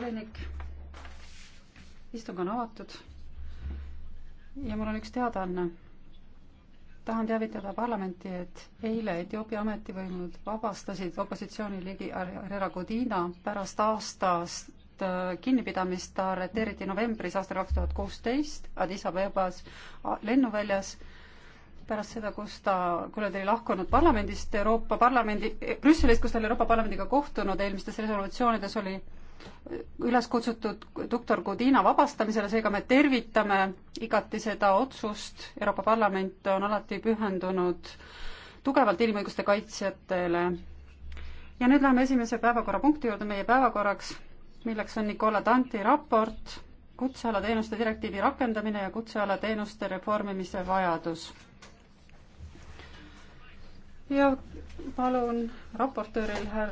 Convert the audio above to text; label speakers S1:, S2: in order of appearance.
S1: volinik. istung on avatud. ja mul on üks teadaanne. tahan teavitada parlamenti, et eile Etioopia ametivõimud vabastasid opositsiooni ligi Herrera Godina pärast aastast äh, kinnipidamist ta arreteeriti novembris aastal kaks tuhat kuusteist Addis Abebas lennuväljas pärast seda, kus ta, kui ta oli lahkunud parlamendist, Euroopa Parlamendi, Brüsselist, kus ta oli Euroopa Parlamendiga kohtunud, eelmistes resolutsioonides oli üles kutsutud doktor Godina vabastamisele, seega me tervitame igati seda otsust, Euroopa Parlament on alati pühendunud tugevalt inimõiguste kaitsjatele. ja nüüd läheme esimese päevakorrapunkti juurde meie päevakorraks, milleks on Nicola Tanti raport kutsealateenuste direktiivi rakendamine ja kutsealateenuste reformimise vajadus. ja
S2: palun raportööril härra